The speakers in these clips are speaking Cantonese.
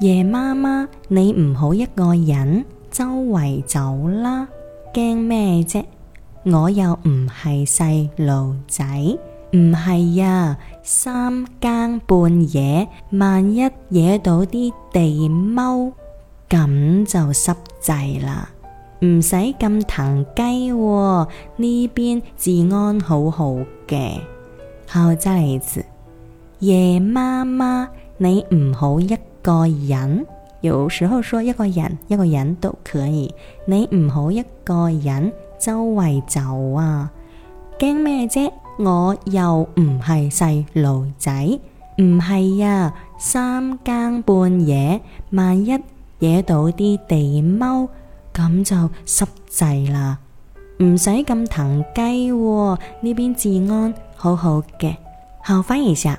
夜麻麻，你唔好一個人周圍走啦，驚咩啫？我又唔係細路仔，唔係呀。三更半夜，萬一惹到啲地踎，咁就濕滯啦。唔使咁騰雞、哦，呢邊治安好好嘅。好，再來一次。夜麻麻，你唔好一。個人有時候說一個人一個人都可以，你唔好一個人周圍走啊！驚咩啫？我又唔係細路仔，唔係啊，三更半夜，萬一惹到啲地踎，咁就濕滯啦！唔使咁騰雞、哦，呢邊治安好好嘅。好，翻譯一下。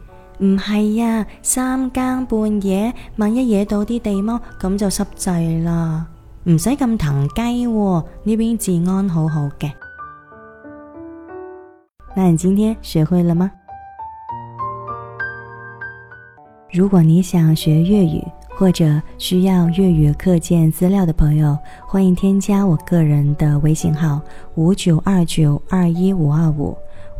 唔係呀，三更半夜，萬一惹到啲地踎，咁就濕滯啦。唔使咁騰雞，喎，呢邊治安好好嘅。那你今天學會了嗎？如果你想學粵語或者需要粵語課件資料的朋友，歡迎添加我個人的微信號五九二九二一五二五，